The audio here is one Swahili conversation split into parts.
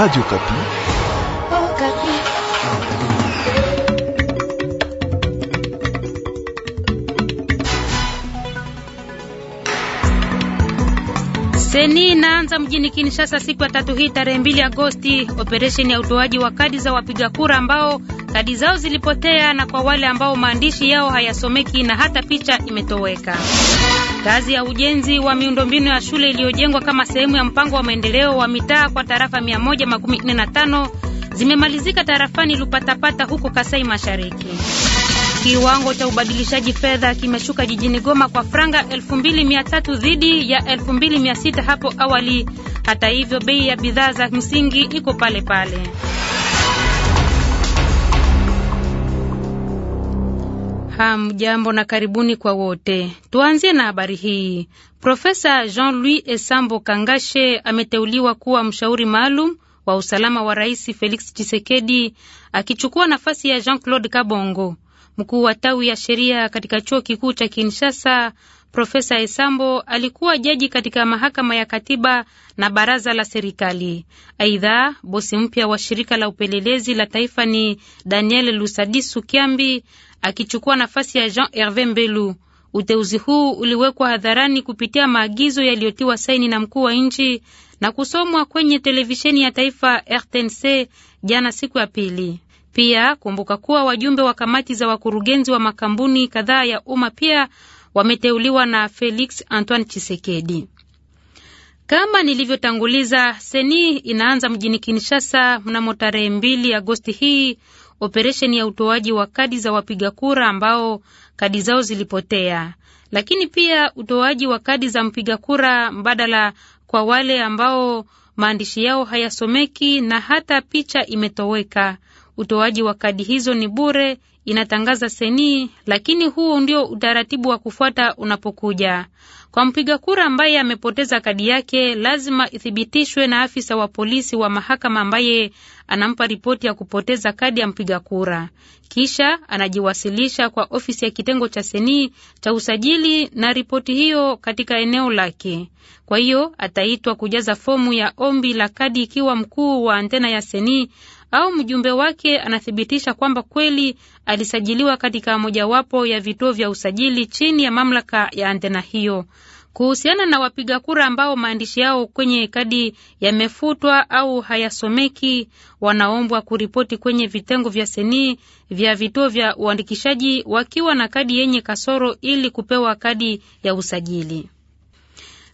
Radio Kapi. Oh, Kapi. Seni inaanza mjini Kinshasa siku ya tatu hii tarehe 2 Agosti operesheni ya utoaji wa kadi za wapiga kura ambao kadi zao zilipotea na kwa wale ambao maandishi yao hayasomeki na hata picha imetoweka. Kazi ya ujenzi wa miundombinu ya shule iliyojengwa kama sehemu ya mpango wa maendeleo wa mitaa kwa tarafa 145 zimemalizika tarafani Lupatapata huko Kasai Mashariki. Kiwango cha ubadilishaji fedha kimeshuka jijini Goma kwa franga 2300 dhidi ya 2600 hapo awali. Hata hivyo, bei ya bidhaa za msingi iko pale pale. Hamjambo na karibuni kwa wote. Tuanzie na habari hii. Profesa Jean-Louis Esambo Kangashe ameteuliwa kuwa mshauri maalum wa usalama wa Rais Felix Tshisekedi akichukua nafasi ya Jean-Claude Kabongo. Mkuu wa tawi ya sheria katika chuo kikuu cha Kinshasa Profesa Esambo alikuwa jaji katika mahakama ya katiba na baraza la serikali. Aidha, bosi mpya wa shirika la upelelezi la taifa ni Daniel Lusadisu Kiambi akichukua nafasi ya Jean Herve Mbelu. Uteuzi huu uliwekwa hadharani kupitia maagizo yaliyotiwa saini na mkuu wa nchi na kusomwa kwenye televisheni ya taifa RTNC jana siku ya pili. Pia kumbuka kuwa wajumbe wa kamati za wakurugenzi wa makampuni kadhaa ya umma pia wameteuliwa na Felix Antoine Chisekedi. Kama nilivyotanguliza, Seni inaanza mjini Kinshasa mnamo tarehe mbili Agosti hii operesheni ya utoaji wa kadi za wapiga kura ambao kadi zao zilipotea, lakini pia utoaji wa kadi za mpiga kura mbadala kwa wale ambao maandishi yao hayasomeki na hata picha imetoweka. Utoaji wa kadi hizo ni bure inatangaza seni, lakini huo ndio utaratibu wa kufuata unapokuja kwa mpiga kura ambaye amepoteza kadi yake. Lazima ithibitishwe na afisa wa polisi wa mahakama ambaye anampa ripoti ya kupoteza kadi ya mpiga kura, kisha anajiwasilisha kwa ofisi ya kitengo cha seni cha usajili na ripoti hiyo katika eneo lake. Kwa hiyo ataitwa kujaza fomu ya ombi la kadi ikiwa mkuu wa antena ya seni au mjumbe wake anathibitisha kwamba kweli alisajiliwa katika mojawapo ya vituo vya usajili chini ya mamlaka ya antena hiyo. Kuhusiana na wapiga kura ambao maandishi yao kwenye kadi yamefutwa au hayasomeki, wanaombwa kuripoti kwenye vitengo vya seni vya vituo vya uandikishaji wakiwa na kadi yenye kasoro ili kupewa kadi ya usajili.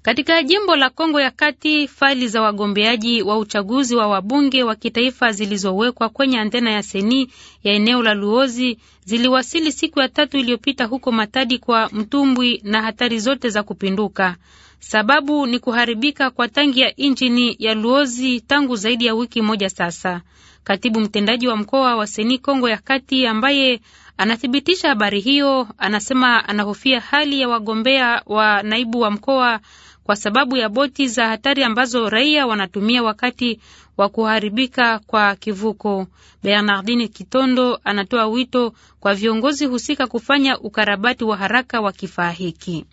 Katika jimbo la Kongo ya Kati, faili za wagombeaji wa uchaguzi wa wabunge wa kitaifa zilizowekwa kwenye antena ya Seni ya eneo la Luozi ziliwasili siku ya tatu iliyopita huko Matadi kwa mtumbwi na hatari zote za kupinduka. Sababu ni kuharibika kwa tangi ya injini ya Luozi tangu zaidi ya wiki moja sasa. Katibu mtendaji wa mkoa wa Seni Kongo ya Kati ambaye anathibitisha habari hiyo anasema anahofia hali ya wagombea wa naibu wa mkoa kwa sababu ya boti za hatari ambazo raia wanatumia wakati wa kuharibika kwa kivuko. Bernardine Kitondo anatoa wito kwa viongozi husika kufanya ukarabati wa haraka wa kifaa hiki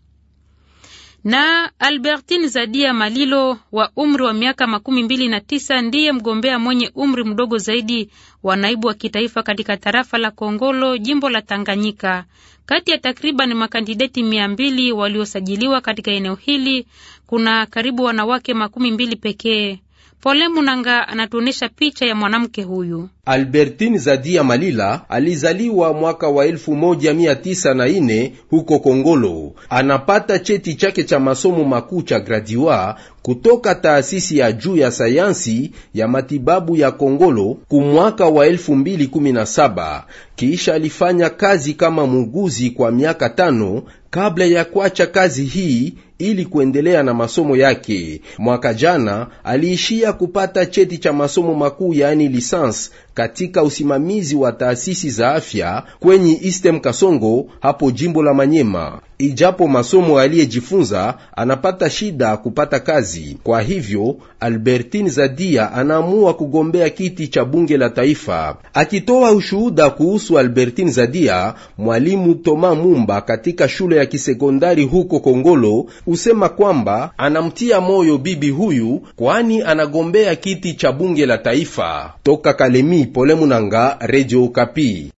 na albertin Zadia Malilo wa umri wa miaka makumi mbili na tisa ndiye mgombea mwenye umri mdogo zaidi wa naibu wa kitaifa katika tarafa la Kongolo, jimbo la Tanganyika. Kati ya takriban makandideti mia mbili waliosajiliwa katika eneo hili kuna karibu wanawake makumi mbili pekee. Pole Munanga anatuonyesha picha ya mwanamke huyu. Albertin Zadia Malila alizaliwa mwaka wa 1994 huko Kongolo. Anapata cheti chake cha masomo makuu cha gradiwa kutoka taasisi ya juu ya sayansi ya matibabu ya Kongolo mwaka wa 2017. Kisha alifanya kazi kama muuguzi kwa miaka tano kabla ya kuacha kazi hii ili kuendelea na masomo yake. Mwaka jana aliishia kupata cheti cha masomo makuu yaani licence katika usimamizi wa taasisi za afya kwenye Istem Kasongo hapo jimbo la Manyema ijapo masomo aliyejifunza anapata shida kupata kazi. Kwa hivyo Albertine Zadia anaamua kugombea kiti cha bunge la taifa. Akitoa ushuhuda kuhusu Albertine Zadia, mwalimu Toma Mumba katika shule ya kisekondari huko Kongolo usema kwamba anamtia moyo bibi huyu, kwani anagombea kiti cha bunge la taifa. Toka Kalemi, Pole Munanga, Radio Kapi.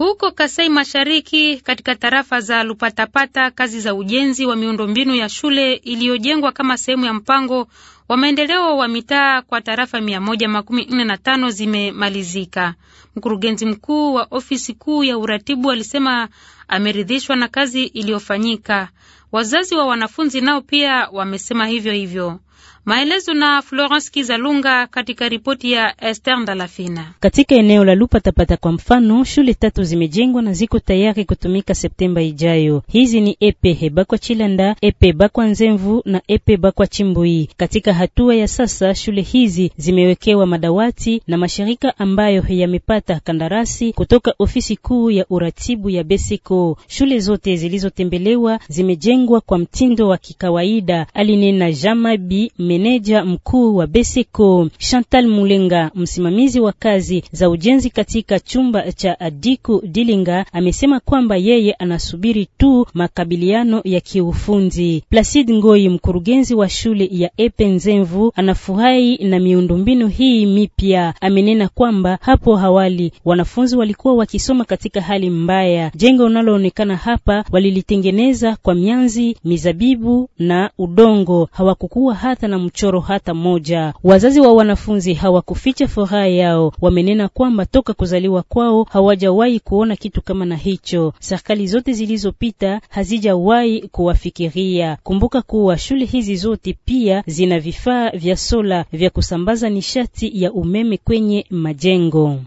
Huko Kasai Mashariki, katika tarafa za Lupatapata, kazi za ujenzi wa miundombinu ya shule iliyojengwa kama sehemu ya mpango wa maendeleo wa mitaa kwa tarafa 145 zimemalizika. Mkurugenzi mkuu wa ofisi kuu ya uratibu alisema ameridhishwa na kazi iliyofanyika. Wazazi wa wanafunzi nao pia wamesema hivyo hivyo. Maelezo na Florence Kizalunga katika ripoti ya Esther Ndalafina. Katika eneo la Lupa Tapata kwa mfano, shule tatu zimejengwa na ziko tayari kutumika Septemba ijayo. Hizi ni Epe kwa Chilanda, Epe Bakwa Nzemvu na Epe Bakwa Chimbui. Katika hatua ya sasa, shule hizi zimewekewa madawati na mashirika ambayo yamepata kandarasi kutoka ofisi kuu ya uratibu ya Besiko. Shule zote zilizotembelewa zimejengwa kwa mtindo wa kikawaida, alinena Jamabi meneja mkuu wa Beseko, Chantal Mulenga, msimamizi wa kazi za ujenzi katika chumba cha Adiku Dilinga, amesema kwamba yeye anasubiri tu makabiliano ya kiufundi. Placid Ngoi, mkurugenzi wa shule ya Epe Nzemvu, anafurahi na miundombinu hii mipya. Amenena kwamba hapo awali wanafunzi walikuwa wakisoma katika hali mbaya. Jengo unaloonekana hapa walilitengeneza kwa mianzi, mizabibu na udongo, hawakukuwa hata na mchoro hata moja. Wazazi wa wanafunzi hawakuficha furaha yao, wamenena kwamba toka kuzaliwa kwao hawajawahi kuona kitu kama na hicho. Serikali zote zilizopita hazijawahi kuwafikiria. Kumbuka kuwa shule hizi zote pia zina vifaa vya sola vya kusambaza nishati ya umeme kwenye majengo.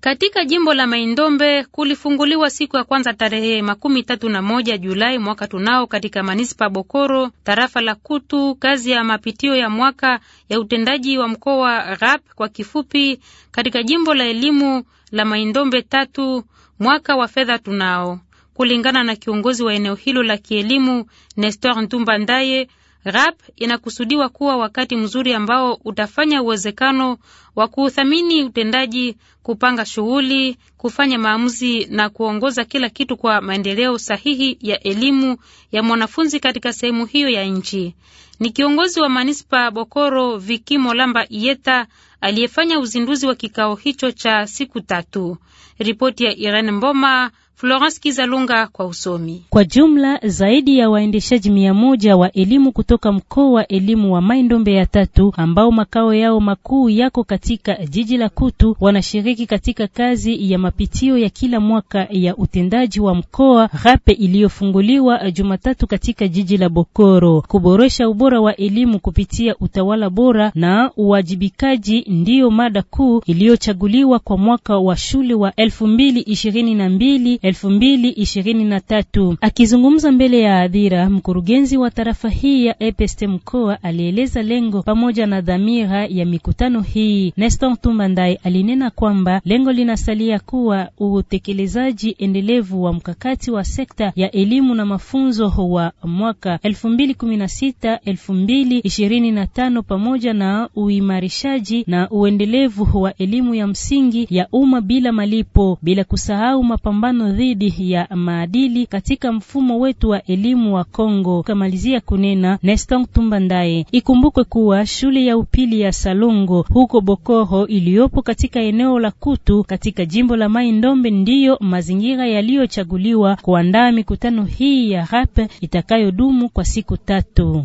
Katika jimbo la Maindombe kulifunguliwa siku ya kwanza tarehe makumi tatu na moja Julai mwaka tunao katika manispa Bokoro tarafa la Kutu kazi ya mapitio ya mwaka ya utendaji wa mkoa RAP kwa kifupi katika jimbo la elimu la Maindombe tatu mwaka wa fedha tunao. Kulingana na kiongozi wa eneo hilo la kielimu Nestor Ntumba Ndaye, RAP inakusudiwa kuwa wakati mzuri ambao utafanya uwezekano wa kuuthamini utendaji, kupanga shughuli, kufanya maamuzi na kuongoza kila kitu kwa maendeleo sahihi ya elimu ya mwanafunzi katika sehemu hiyo ya nchi. Ni kiongozi wa manispa Bokoro Vikimo Lamba Ieta aliyefanya uzinduzi wa kikao hicho cha siku tatu. Ripoti ya Irene Mboma Florence Kizalunga kwa usomi. Kwa jumla zaidi ya waendeshaji mia moja wa elimu kutoka mkoa wa elimu wa Maindombe ya tatu ambao makao yao makuu yako katika jiji la Kutu wanashiriki katika kazi ya mapitio ya kila mwaka ya utendaji wa mkoa rape iliyofunguliwa Jumatatu katika jiji la Bokoro. Kuboresha ubora wa elimu kupitia utawala bora na uwajibikaji ndiyo mada kuu iliyochaguliwa kwa mwaka wa shule wa elfu mbili ishirini na mbili elfu mbili ishirini na tatu. Akizungumza mbele ya hadhira, mkurugenzi wa tarafa hii ya EPST mkoa alieleza lengo pamoja na dhamira ya mikutano hii. Nestor Tumbandai alinena kwamba lengo linasalia kuwa utekelezaji endelevu wa mkakati wa sekta ya elimu na mafunzo wa mwaka 2016 2025 pamoja na uimarishaji na uendelevu wa elimu ya msingi ya umma bila malipo bila kusahau mapambano dhidi ya maadili katika mfumo wetu wa elimu wa Kongo. Kamalizia kunena Nestong Tumba Ndaye. Ikumbukwe kuwa shule ya upili ya Salongo huko Bokoro iliyopo katika eneo la Kutu katika jimbo la Mai Ndombe ndiyo mazingira yaliyochaguliwa kuandaa mikutano hii ya rape itakayodumu kwa siku tatu.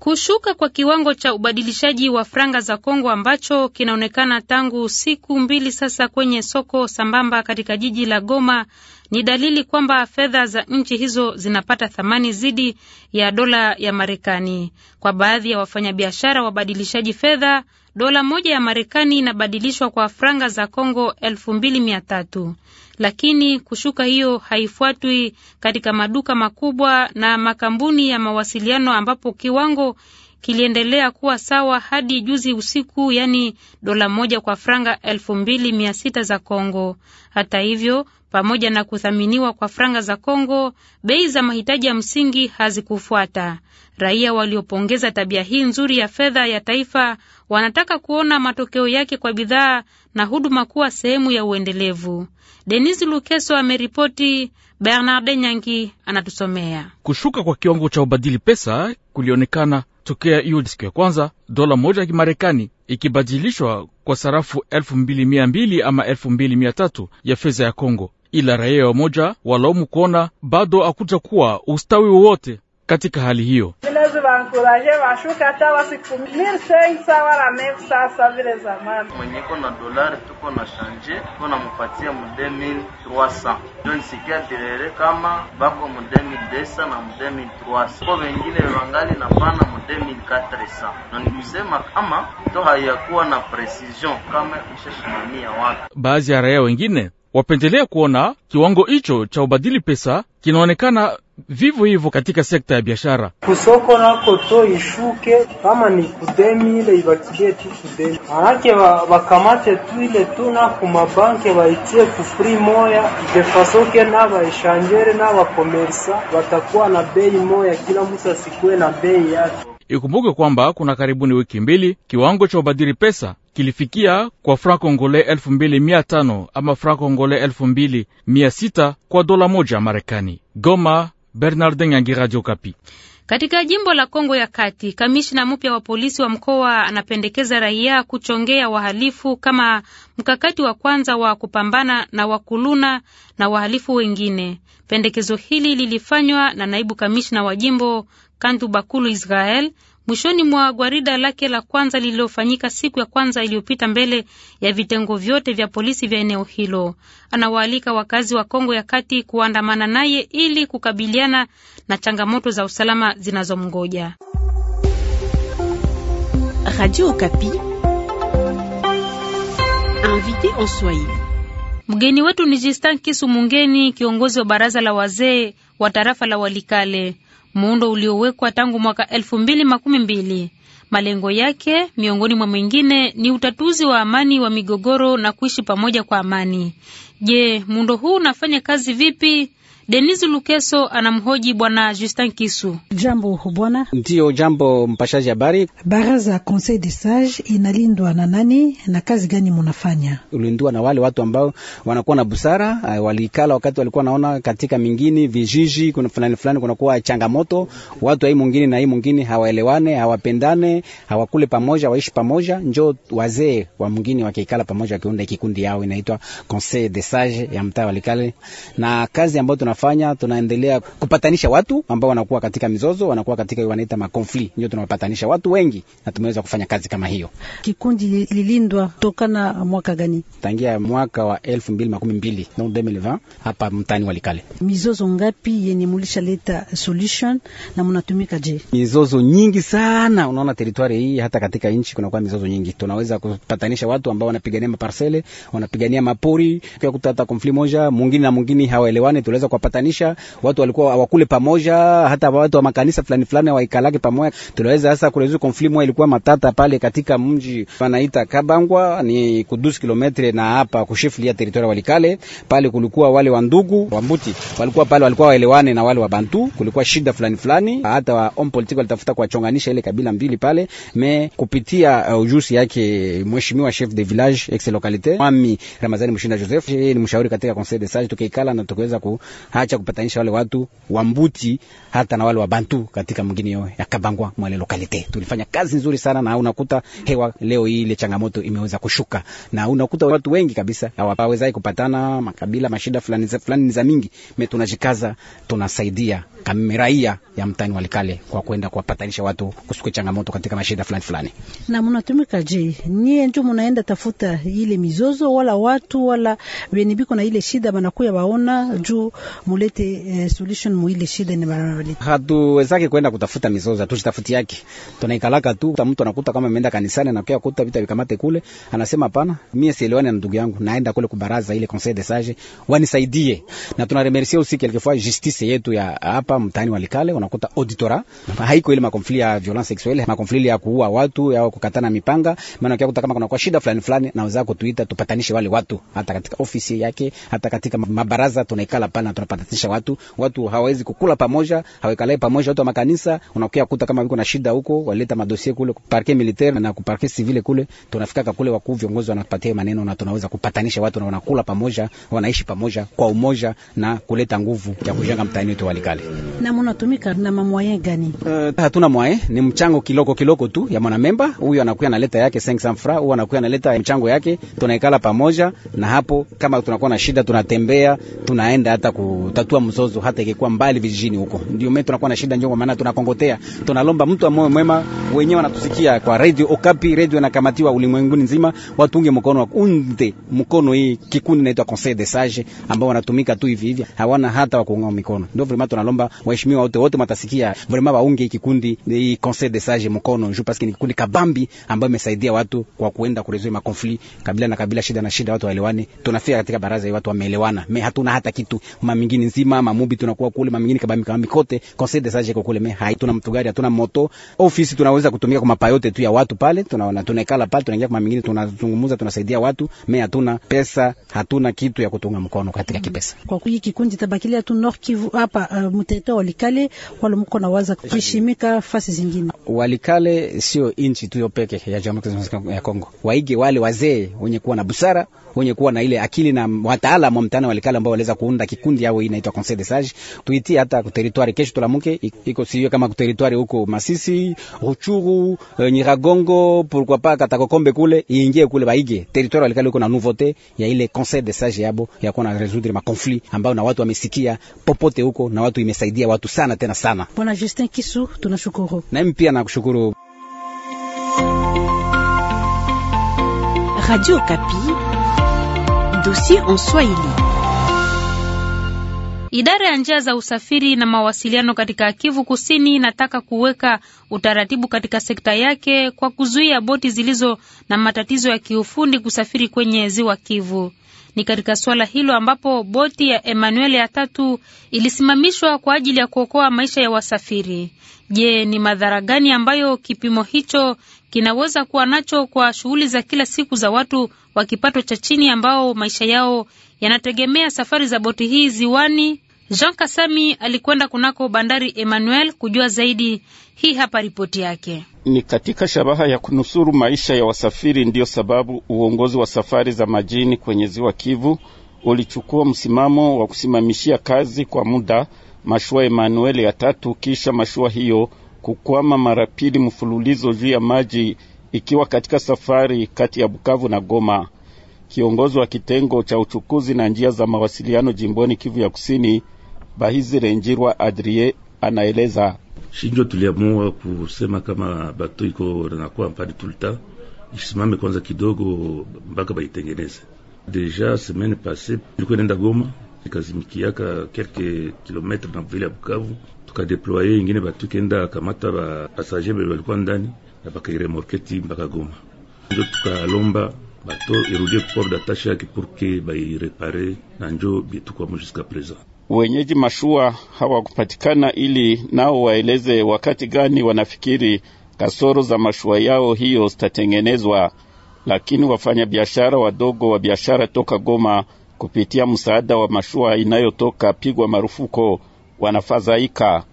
Kushuka kwa kiwango cha ubadilishaji wa franga za Kongo ambacho kinaonekana tangu siku mbili sasa kwenye soko sambamba katika jiji la Goma ni dalili kwamba fedha za nchi hizo zinapata thamani zidi ya dola ya Marekani. Kwa baadhi ya wafanyabiashara wabadilishaji fedha, dola moja ya Marekani inabadilishwa kwa franga za congo elfu mbili mia tatu, lakini kushuka hiyo haifuatwi katika maduka makubwa na makampuni ya mawasiliano ambapo kiwango kiliendelea kuwa sawa hadi juzi usiku, yaani dola moja kwa franga elfu mbili mia sita za congo Hata hivyo pamoja na kuthaminiwa kwa franga za Kongo, bei za mahitaji ya msingi hazikufuata. Raia waliopongeza tabia hii nzuri ya fedha ya taifa wanataka kuona matokeo yake kwa bidhaa na huduma kuwa sehemu ya uendelevu. Denis Lukeso ameripoti. Bernard Nyangi anatusomea. Kushuka kwa kiwango cha ubadili pesa kulionekana tokea hiyo siku ya kwanza, dola moja ya Kimarekani ikibadilishwa kwa sarafu elfu ama 23 ya fedha ya Kongo ila raia wamoja walaumu kuona bado akuta kuwa ustawi wowote katika hali hiyo. Mwenyeko na dolari tuko na shanje tuko na mupatia mu 2300 John sikia direre kama bako mu 2200 na mu 2300 ko wengine wangali na pana mu 2400 na nikusema kama to hayakuwa na precision kama ishashimamia watu. Baadhi ya raia wengine wapendelea kuona kiwango hicho cha ubadili pesa kinaonekana vivyo hivyo katika sekta ya biashara kusoko nako to ishuke kama ni kudemi ile ibakilie tu kudemi, manake bakamate tu ile tu na kumabanke waitie kufri moya defasoke na waishanjere na bakomersa batakuwa na bei moya, kila mtu asikuwe na bei yake. Ikumbuke kwamba kuna karibuni wiki mbili kiwango cha ubadili pesa kilifikia kwa franko ngole elfu ama franko ngole elfu kwa dola moja ya Marekani. Goma, Bernardin Yangi, Radio Kapi. Katika jimbo la Kongo ya Kati, kamishna mpya wa polisi wa mkoa anapendekeza raia kuchongea wahalifu kama mkakati wa kwanza wa kupambana na wakuluna na wahalifu wengine. Pendekezo hili lilifanywa na naibu kamishna wa jimbo Kandu Bakulu Israel mwishoni mwa gwarida lake la kwanza lililofanyika siku ya kwanza iliyopita mbele ya vitengo vyote vya polisi vya eneo hilo. Anawaalika wakazi wa Kongo ya Kati kuandamana naye ili kukabiliana na changamoto za usalama zinazomngoja. Radio invité en Mgeni wetu ni Jistan Kisu Mungeni, kiongozi wa baraza la wazee wa tarafa la Walikale muundo uliowekwa tangu mwaka elfu mbili makumi mbili. Malengo yake miongoni mwa mwingine ni utatuzi wa amani wa migogoro na kuishi pamoja kwa amani. Je, muundo huu unafanya kazi vipi? Denis Lukeso anamhoji bwana Justin Kisu. Jambo bwana. Ndiyo, jambo mpashaji habari. Baraza Conseil de Sage inalindwa na nani na kazi gani munafanya? Ulindwa na wale watu ambao wanakuwa na busara, eh, walikala wakati walikuwa naona katika mingini vijiji kuna fulani fulani kunakuwa changamoto, watu hii mwingine na hii mwingine hawaelewane, hawapendane, hawakule pamoja, waishi pamoja, njo wazee wa mwingine wakikala pamoja wakiunda kikundi yao inaitwa Conseil de Sage ya mtaa walikale, na kazi ambayo tuna tunafanya, tunaendelea kupatanisha watu ambao wanakuwa katika mizozo, wanakuwa katika wanaita makonfli, ndio tunawapatanisha watu wengi, na tumeweza kufanya kazi kama hiyo. Kikundi lilindwa tokana mwaka gani? Tangia mwaka wa 2012 na 2020 hapa mtani Walikale. Mizozo ngapi yenye mulisha leta solution na mnatumika je? Mizozo nyingi sana, unaona teritwari hii, hata katika nchi kunakuwa mizozo nyingi. Tunaweza kupatanisha watu ambao wanapigania maparsele, wanapigania mapori, kwa kutata hata konfli moja, mwingine na mwingine hawaelewani, tunaweza kwa kuwapatanisha watu walikuwa wakule pamoja, hata watu wa makanisa fulani fulani waikalake pamoja. Tunaweza sasa kulezu konflikt moja ilikuwa matata pale katika mji wanaita Kabangwa, ni kudus kilometre na hapa kushifli ya teritoria Walikale. Pale kulikuwa wale wa ndugu wa Mbuti walikuwa pale, walikuwa waelewane na wale wa Bantu, kulikuwa shida fulani fulani, hata wa on politiki walitafuta kuwachonganisha ile kabila mbili pale me kupitia uh, ujusi yake mheshimiwa chef de village ex localité Mwami Ramazani Mshinda Joseph, yeye ni mshauri katika conseil de sage, tukaikala na tukaweza ku hacha kupatanisha wale watu wa Mbuti hata na wale wa Bantu katika mwingine yote ya Kabangwa mwale lokalite. Tulifanya kazi nzuri sana na unakuta hewa leo hii ile changamoto imeweza kushuka. Na unakuta watu wengi kabisa hawawezai kupatana makabila mashida fulani za fulani za mingi. Me tunajikaza tunasaidia kama ya mtani walikale kwa kwenda kuwapatanisha watu kusuke changamoto katika mashida fulani fulani. Na mnatumika je? Nyie ndio mnaenda tafuta ile mizozo wala watu wala wenibiko na ile shida banakuya waona juu mulete eh, solution mwili shida ni barabara. Hatuwezaki kwenda kutafuta mizozo, tushitafuti yake. Tunaikalaka tu, mtu anakuta kama ameenda kanisani na pia vita vikamate kule, anasema hapana, mimi sielewani na ndugu yangu, naenda kule kubaraza ile conseil de sage wanisaidie. Na tunaremercie aussi quelquefois justice yetu ya hapa mtaani walikale, unakuta auditora haiko ile makonfli ya violence sexuelle, makonfli ya kuua watu ya kukatana mipanga, maana ukikuta kama kuna kwa shida fulani fulani, naweza kutuita tupatanishe wale watu, hata katika ofisi yake, hata katika mabaraza tunaikala pale na inapatatisha watu, watu hawawezi kukula pamoja, hawekalai pamoja. Watu wa makanisa unakuya kuta kama wiko na shida huko, waleta madosie kule parke militaire na parke civile kule, tunafika kule, wakuu viongozi wanapatia maneno na tunaweza kupatanisha watu na wanakula pamoja, wanaishi pamoja kwa umoja na kuleta nguvu ya kujenga mtaani wetu Walikale. Na mnatumika na mamwaye gani? Uh, hatuna mwaye, ni mchango kiloko kiloko tu ya mwanamemba huyu, anakuya analeta yake 500 francs, huyu anakuya analeta mchango yake, tunaikala pamoja na hapo, kama tunakuwa na shida tunatembea, tunaenda hata ku kutatua mzozo, hata ikikuwa mbali vijijini huko. Ndio mimi tunakuwa na shida njoo, maana tunakongotea, tunalomba mtu wa moyo mwema, wenyewe wanatusikia kwa radio Okapi, radio inakamatiwa ulimwenguni nzima, watunge mkono wa kunde mkono. Hii kikundi inaitwa Conseil des Sages, ambao wanatumika tu hivi hivi, hawana hata wa kuunga mikono. Ndio vraiment tunalomba waheshimiwa wote wote matasikia vraiment waunge hii kikundi hii Conseil des Sages mkono, njoo parce que ni kikundi kabambi ambayo imesaidia watu kwa kuenda kurezoe makonfli kabila na kabila, shida na shida, watu waelewane. Tunafika katika baraza hii watu wameelewana, me hatuna hata kitu mami mingine nzima mamubi tunakuwa kule, mamingine kabambi kabambi kote conseil des sages kule. Me hai tuna mtu gari, hatuna moto ofisi, tunaweza kutumia kwa mapayote tu ya watu pale, tunaona tunaikala pale, tunaingia kwa mamingine, tunazungumza, tunasaidia watu. Me hatuna pesa, hatuna kitu ya kutunga mkono katika mm. kipesa. Kwa kuyi kikundi tabakilia tu Nord Kivu hapa, uh, mtete walikale wale mko na waza kuheshimika fasi zingine. Walikale sio inchi tu yopeke ya Jamhuri ya Kongo, waige wale wazee wenye kuwa na busara, wenye kuwa na ile akili na wataalamu wa mtaani walikale ambao waliweza kuunda kikundi yao inaitwa conseil de sage, tuitie hata ku territoire kesho tulamuke iko siyo kama ku territoire huko Masisi, Ruchuru, eh, Nyiragongo, pourquoi pas Katakokombe kule iingie kule baige territoire alikali huko na nouveauté ya ile conseil de sage yabo ya kuona résoudre ma conflit ambao na watu wamesikia popote huko na watu imesaidia watu sana tena sana. Bwana Justin Kisu, tunashukuru. Na mimi pia nakushukuru. Radio Kapi, dossier en Swahili. Idara ya njia za usafiri na mawasiliano katika Kivu Kusini inataka kuweka utaratibu katika sekta yake kwa kuzuia boti zilizo na matatizo ya kiufundi kusafiri kwenye ziwa Kivu. Ni katika suala hilo ambapo boti ya Emmanuel ya tatu ilisimamishwa kwa ajili ya kuokoa maisha ya wasafiri. Je, ni madhara gani ambayo kipimo hicho kinaweza kuwa nacho kwa shughuli za kila siku za watu wa kipato cha chini ambao maisha yao yanategemea safari za boti hii ziwani? Jean Kasami alikwenda kunako bandari Emmanuel kujua zaidi. Hii hapa ripoti yake. Ni katika shabaha ya kunusuru maisha ya wasafiri, ndiyo sababu uongozi wa safari za majini kwenye ziwa Kivu ulichukua msimamo wa kusimamishia kazi kwa muda mashua Emmanuel ya tatu, kisha mashua hiyo kukwama mara pili mfululizo juu ya maji ikiwa katika safari kati ya Bukavu na Goma. Kiongozi wa kitengo cha uchukuzi na njia za mawasiliano jimboni Kivu ya Kusini Bahizirenjirwa Adrie anaeleza shinjo tuliamua kusema kama bato iko nakuwa mpali tulta isimame kwanza kidogo mpaka baitengeneze. Deja semaine passe ilikuwa inaenda Goma ikazimikiaka kelke kilometre na vile ya Bukavu, tukadeploye ingine batu kenda kamata ba pasager bale walikuwa ndani na bakairemorketi mpaka Goma. Ndio tukalomba bato irudie port d'attache yake pour que bairepare na njo bietukwamu jusqu'à présent wenyeji mashua hawakupatikana ili nao waeleze wakati gani wanafikiri kasoro za mashua yao hiyo zitatengenezwa. Lakini wafanyabiashara wadogo wa biashara toka Goma kupitia msaada wa mashua inayotoka pigwa marufuko wanafadhaika.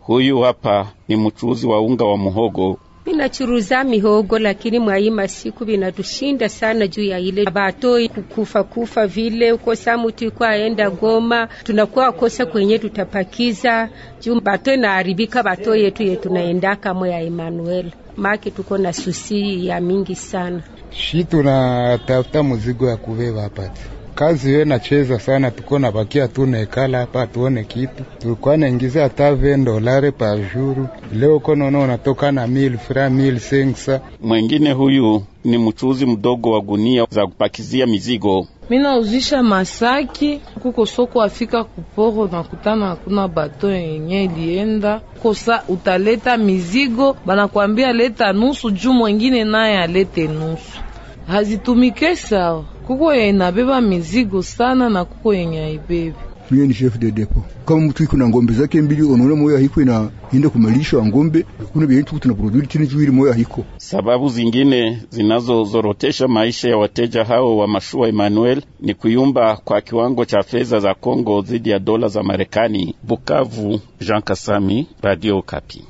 Huyu hapa ni mchuuzi wa unga wa muhogo binachuruza mihogo, lakini mwai masiku binatushinda sana juu ya ile batoi kukufa kufa vile ukosa mutu iko aenda Goma, tunakuwa kosa kwenye tutapakiza juu batoi haribika batoi yetu yetu naendaka ya Emmanuel make tuko na susi ya mingi sana, shi tunatafuta muzigo ya kubeba hapati kazi we nacheza sana, tuko na bakia tu nekala hapa tuone kitu. Tulikuwa naingiza hata vendolare pa juru, leo konono natoka na mil fra mil sengsa. Mwengine huyu ni mchuzi mdogo wa gunia za kupakizia mizigo. Minauzisha masaki kuko soko afika kuporo na kutana, hakuna bato yenye ilienda kosa. Utaleta mizigo banakwambia leta nusu juu, mwengine naye alete nusu, hazitumike sawa kuko yenye inabeba mizigo sana na kuko yenye haibebi. Mimi ni chef de depot. Kama mtu iko na ng'ombe zake mbili, unaona moyo haiko ina enda kumalisha wa ng'ombe, kuna bien tu tuna produce tini juu moyo moya haiko. Sababu zingine zinazozorotesha maisha ya wateja hao wa mashua Emmanuel ni kuyumba kwa kiwango cha fedha za Kongo dhidi ya dola za Marekani. Bukavu, Jean Kasami, Radio Kapi.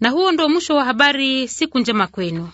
Na huo ndo mwisho wa habari. Siku njema kwenu.